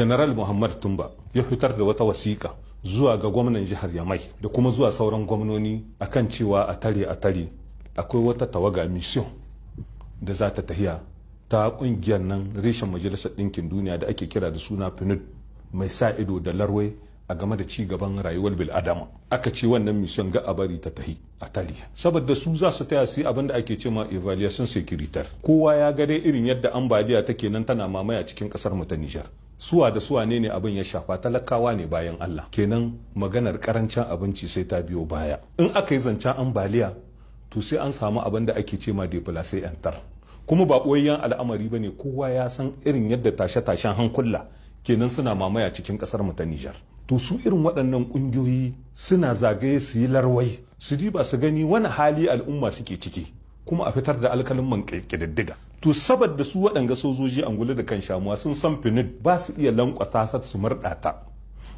general muhammad tumba ya fitar da wata wasiƙa zuwa ga gwamnan jihar yamai da kuma zuwa sauran gwamnoni akan cewa a tare a tare akwai wata tawaga mission da za ta tahiya ta kungiyar nan reshen majalisar ɗinkin duniya da ake kira da suna pinud mai sa ido da larwai a game da ci gaban rayuwar bil'adama aka ce wannan mission ga a bari ta tahi a tali saboda su za su taya su abin da ake ma evaluation securitar kowa ya ga dai irin yadda ambaliya take nan tana mamaya cikin kasar mu ta Nijar suwa da suwa ne ne abin ya shafa talakawa ne bayan Allah kenan maganar karancin abinci sai ta biyo baya in aka yi zancen ambaliya to sai an samu abin da ake ce ma defilase yantar kuma ba ɓoyayyen al'amari ba ne kowa ya san irin yadda tashe-tashen hankula kenan suna mamaya cikin ƙasar mu ta Nijar to su irin waɗannan ƙungiyoyi suna zagaye su yi larwai su diba su gani wani hali al'umma suke ciki kuma a fitar da alkalin man ƙididdiga to saboda su waɗanga sojoji angula da kan shamuwa sun san finid ba su iya lankwata sa su murɗata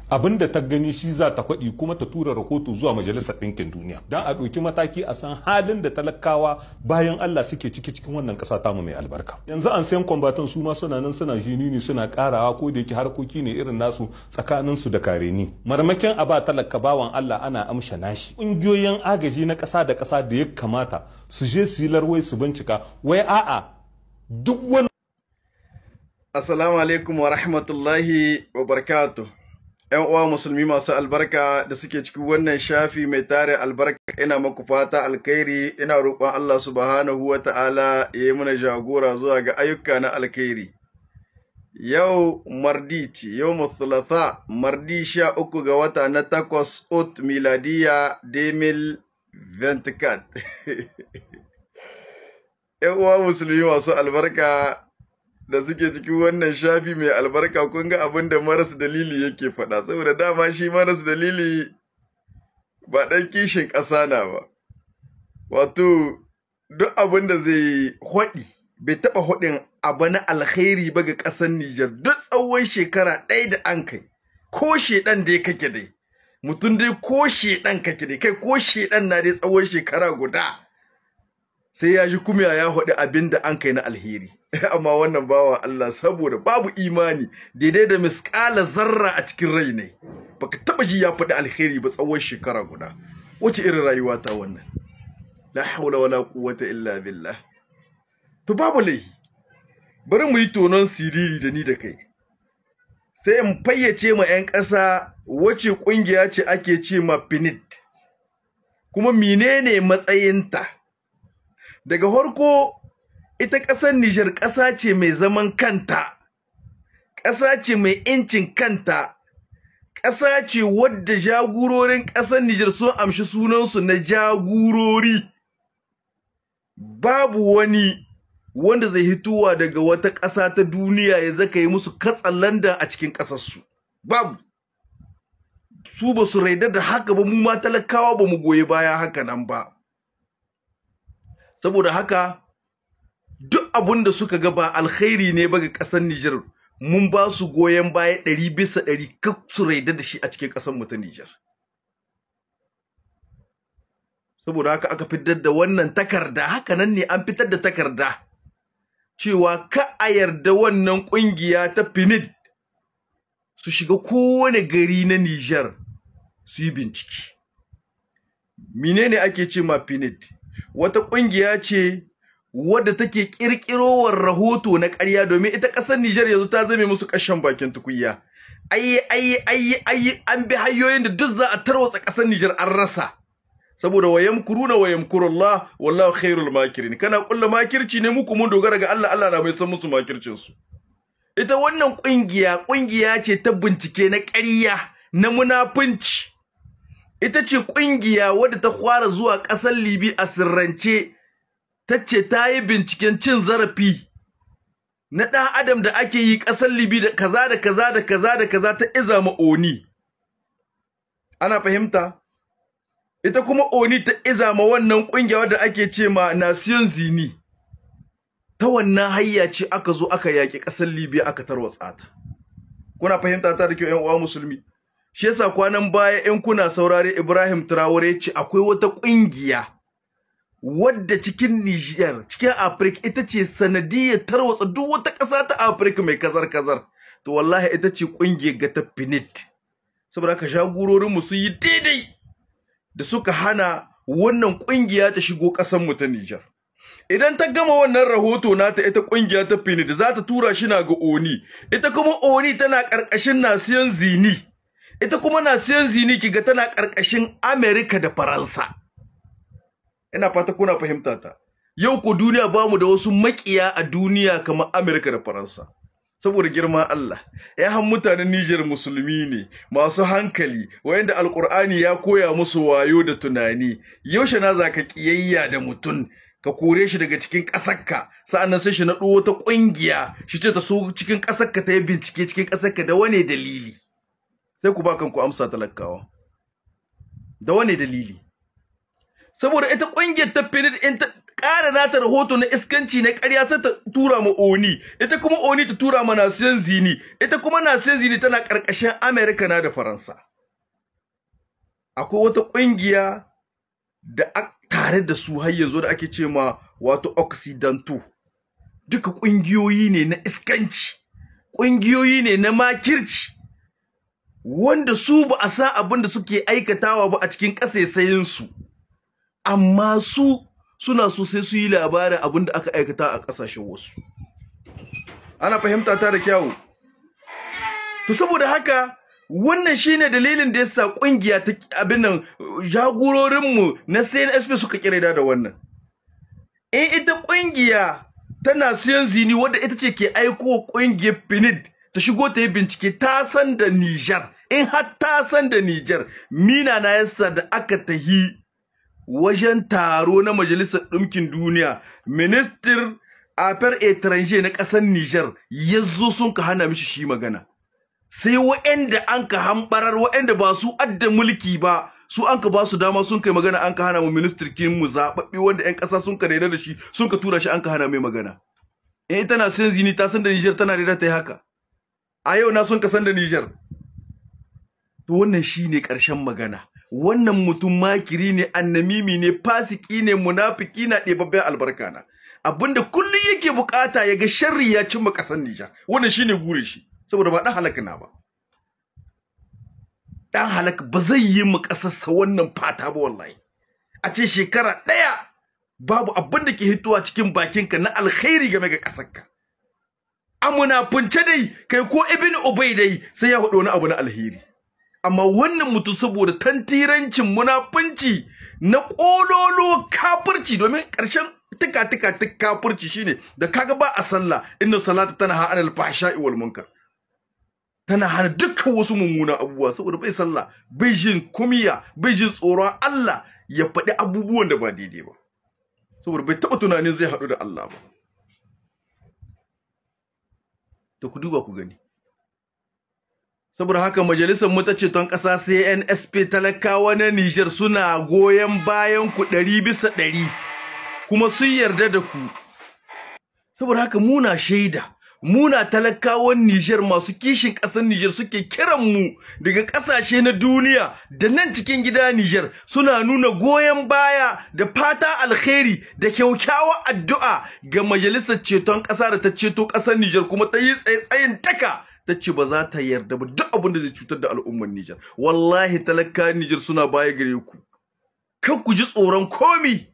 abin da ta gani shi za ta kwaɗi kuma ta tura rahoto zuwa majalisar ɗinkin duniya don a ɗauki mataki a san halin da talakawa bayan Allah suke ciki cikin wannan ƙasa tamu mai albarka yanzu an sayan kwambatan su ma suna nan suna jini ne suna ƙarawa ko da yake harkoki ne irin nasu tsakanin su da kare ni marmakin a ba talaka bawan Allah ana amsha nashi ƙungiyoyin agaji na ƙasa da ƙasa da ya kamata su je su yi larwai su bincika wai a'a duk wani Assalamu alaikum wa rahmatullahi wa barakatu. ‘Yan uwa musulmi masu albarka da suke cikin wannan shafi mai tare albarka ina maku fata alkhairi ina roƙon Allah subhanahu wa ta'ala ya yi mana jagora zuwa ga ayyuka na alkhairi. Yau mardi ce, yau mathulatha mardi sha uku ga wata na takwas ot miladiya demil ventikat. ‘yan uwa musulmi masu albarka da suke cikin wannan shafi mai albarka kun ga abin da maras dalili yake faɗa saboda dama shi maras dalili ba ɗan kishin ƙasa na ba wato duk abin da zai haɗi bai taɓa haɗin abu na alkhairi ba ga ƙasar Nijar duk tsawon shekara ɗaya da an kai ko shedan ya kake dai mutum dai ko shedan kake dai kai ko shedan na dai tsawon shekara guda sai ya ji kumiya ya haɗu abin da an kai na alheri amma wannan bawa Allah saboda babu imani daidai da miskala zarra a cikin rai ne baka taba ji ya faɗi alheri ba tsawon shekara guda wace irin rayuwa ta wannan la haula wala quwwata illa billah to babu lai bari mu yi tonon siriri da ni da kai sai in fayyace ma 'yan ƙasa wace ƙungiya ce ake ce ma pinit. kuma menene matsayinta daga harko, ita ƙasar Nijar ƙasa ce mai zaman kanta ƙasa ce mai incin kanta ƙasa ce wadda jagurorin ƙasar Nijar sun amshi sunansu na jagurori babu wani wanda zai hituwa daga wata ƙasa ta duniya ya zaka yi musu landan a cikin ƙasarsu babu su ba su raida da haka ba mu ma talakawa ba mu goyi baya haka nan ba saboda haka duk abun da suka ga ba alkhairi ne ba ga ƙasar Nijar mun ba su goyon baya ɗari bisa ɗari kaf su raida da shi a cikin ƙasar mu ta Nijar saboda haka aka fitar da wannan takarda haka nan ne an fitar da takarda cewa ka a yarda wannan ƙungiya ta pinid su shiga kowane gari na Nijar su yi bincike menene ake ce ma pinid. wata ƙungiya ce wadda take ƙirƙirowar rahoto na ƙarya domin ita ƙasar Nijar yanzu ta zame musu ƙashen bakin tukuyya. Ayi, ayi, ayi, ayi! an bi hanyoyin da duk za a tarwatsa ƙasar Nijar an rasa. Saboda na wa wayam Allah, wallahu khairul makirin kana ƙulla makirci ne muku mun dogara ga Allah Allah na mai san musu makircinsu. Ita wannan ƙungiya ƙungiya ce ta bincike na ƙarya na munafunci. ita ce ƙungiya wadda ta fara zuwa ƙasar Libi a sirrance ta ce ta yi binciken cin zarafi na ɗan adam da ake yi ƙasar Libi da kaza da kaza da kaza da kaza ta iza ma Oni ana fahimta ita kuma Oni ta iza ma wannan ƙungiya wadda ake ce ma nasiyon Zini ta wannan hayya ce aka zo aka yaƙi ƙasar Libi aka tarwatsa ta kuna fahimta ta da kyau ƴan uwa musulmi shi yasa kwanan baya in kuna saurare Ibrahim Traore ce akwai wata ƙungiya wadda cikin Niger cikin Africa ita ce sanadiyar tarwatsa duk wata ƙasa ta Africa mai kazar kazar to wallahi ita ce kungiyar ga ta Finit saboda ka shagurorin mu sun yi daidai da suka hana wannan ƙungiya ta shigo ƙasar mu ta Niger idan ta gama wannan rahoto nata ita ƙungiya ta Finit za ta tura shi na ga Oni ita kuma Oni tana ƙarƙashin Nasiyan Zini ita kuma na siyan zini kiga tana ƙarƙashin Amerika da Faransa ina fata kuna fahimta ta yau ko duniya ba mu da wasu makiya a duniya kamar Amerika da Faransa saboda girma Allah 'yan mutanen nijar musulmi ne masu hankali wayanda Alƙur'ani ya koya musu wayo da tunani yaushe na zaka ƙiyayya da mutum ka kore shi daga cikin ƙasarka sa'annan sai shi na naɗo ta ƙungiya shi ce ta so cikin ƙasarka ta yi bincike cikin ƙasarka da wane dalili sai ku ba kanku amsa talakawa da wani dalili saboda ita ƙungiyar ta finit in ta ƙara nata rahoto na iskanci na ƙarya sai ta tura ma oni ita kuma oni ta tura ma nasiyan zini ita kuma nasiyan zini tana ƙarƙashin amerika na da faransa akwai wata ƙungiya da tare da su har yanzu da ake ce ma wato occidental duka ƙungiyoyi ne na iskanci ƙungiyoyi ne na makirci wanda su ba a sa abin da suke aikatawa ba a cikin ƙasaisayensu amma su suna so sai su yi labarin abin da aka aikata a ƙasashen wasu ana fahimta ta da kyawu to saboda haka wannan shine dalilin da yasa kungiya ta abin nan jagororin mu na CNSP suka kirada da wannan in eh, ita kungiya tana siyan zini wadda ita ce ke aiko kungiyar Pinnid. ta shigo ta yi bincike ta san da Nijar in har ta san da Nijar mina na yasa da aka tahi wajen taro na majalisar ɗumkin duniya Ministir afer etranje na ƙasar Nijar ya zo sun ka hana mishi shi magana sai wa'anda an ka hambarar wa'anda ba su adda mulki ba su an ka ba su dama sun kai magana an ka hana mu ministirkin mu zaɓaɓɓe wanda 'yan ƙasa sun ka daidai da shi sun ka tura shi an ka hana mai magana in ita na sin zini ta san da Nijar tana da ta yi haka a yau na son ka da Nijar? to wannan shine ƙarshen magana wannan mutum makiri ne annamimi ne fasiki ne munafiki na ɗebabben albarka na abinda kullum yake bukata ya ga sharri ya cimma ƙasar Nijar wannan shine gure shi saboda ba ɗan halaka na ba Ɗan halaka ba zai yi mu ƙasarsa wannan fata ba wallahi a ce shekara ɗaya babu abinda da ke hitowa cikin bakinka na alkhairi game ga ka. a munafunce dai kai ko ibnu ubay dai sai ya hudu wani abu na alheri amma wannan mutum saboda tantirancin munafunci na kololo kafirci domin karshen tika tika tuka kafirci shine da kaga ba a sallah inna salata tanha anil fahsha'i wal munkar tana hana dukkan wasu mummunan abubuwa saboda bai sallah bai jin kumiya bai jin tsoron Allah ya faɗi abubuwan da ba daidai ba saboda bai taɓa tunanin zai haɗu da Allah ba to ku duba ku gani saboda haka majalisar mu ta ceton ƙasa CNSP talakawa na Nijar suna goyon bayan ku ɗari bisa ɗari kuma sun yarda da ku saboda haka muna shaida muna talakawan Nijar masu kishin ƙasar Nijar suke kiran mu daga ƙasashe na duniya da nan cikin gida Nijar suna nuna goyon baya da fata alkhairi da kyaukyawa addu'a ga majalisar ceton ƙasa da ta ceto ƙasar Nijar. kuma ta yi tsaitsayin taka ta ce ba za ta yarda ba duk abin da zai cutar da al'ummar Nijar. wallahi talakawan Nijar suna baya gare ku kan ku ji tsoron komi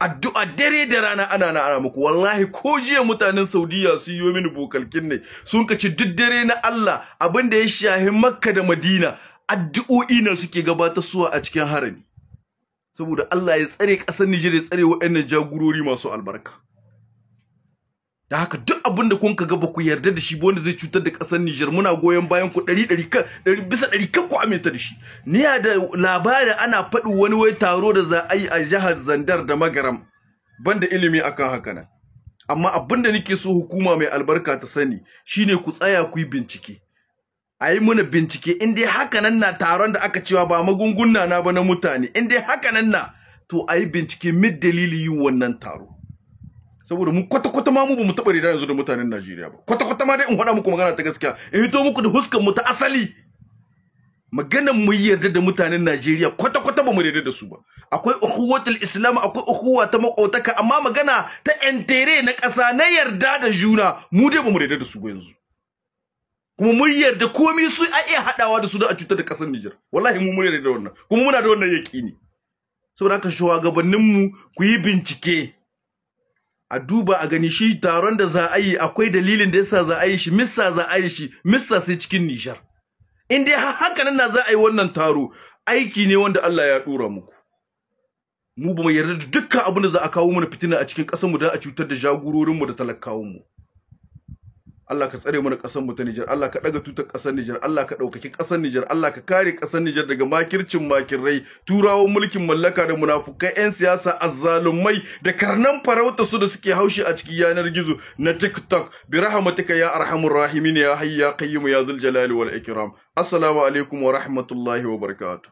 addu'a dare da rana ana na ana muku wallahi ko jiya mutanen Saudiya sun yi mini bokalkin ne sun kaci duk dare na Allah abin da ya shahi Makka da Madina addu'o'i na suke gabatar suwa a cikin harami saboda Allah ya tsare ƙasar Nijar ya tsare waɗannan jagurori masu albarka da haka duk abin da kun ka ga ku yarda da shi ba wanda zai cutar da kasar Nijar muna goyon bayan ku 100 ɗari bisa ɗari kan ku aminta da shi ni da labari ana faɗi wani wai taro da za a yi a jihar Zandar da Magaram banda ilimi akan haka nan amma abin da nake so hukuma mai albarka ta sani shine ku tsaya ku yi bincike a yi mana bincike in dai haka nan na taron da aka cewa ba magunguna na ba na mutane in dai haka nan na to a yi bincike mid dalili yin wannan taro saboda mu kwata-kwata ma mu bamu mu rida yanzu da mutanen Najeriya ba kwata-kwata ma dai in faɗa muku magana ta gaskiya in hito muku da huskan mu ta asali maganar mu yarda da mutanen Najeriya kwata-kwata bamu mu yarda da su ba akwai ukhuwatul islam akwai ukhuwa ta makotaka amma magana ta entere na ƙasa na yarda da juna mu dai bamu yarda da su ba yanzu kuma mun yarda komai su a iya haɗawa da su da a cutar da ƙasar Nijar wallahi mu mun yarda da wannan kuma muna da wannan yaƙini saboda haka shugabanninmu ku yi bincike a duba a gani shi taron da za a yi akwai dalilin da yasa za a yi shi missa za a yi shi missa sai cikin nishar in dai haka nan na za a yi wannan taro aiki ne wanda Allah ya dora muku mu ba mu yarda da dukkan abin da za a kawo mana fitina a cikin ƙasar mu da a cutar da jagororin mu da talakawun mu Allah ka tsare mana ƙasar mu ta Nijar Allah ka ɗaga tutar ƙasar Nijar Allah ka ɗaukaki ƙasar Nijar Allah ka kare ƙasar Nijar daga makircin makirrai turawan mulkin mallaka da munafukai 'yan siyasa azzalumai da karnan farauta su da suke haushi a cikin yanar gizo na TikTok bi rahmatika ya arhamur rahimin ya hayya ya qayyum ya zul jalali wal ikram assalamu alaikum wa rahmatullahi wa barakatuh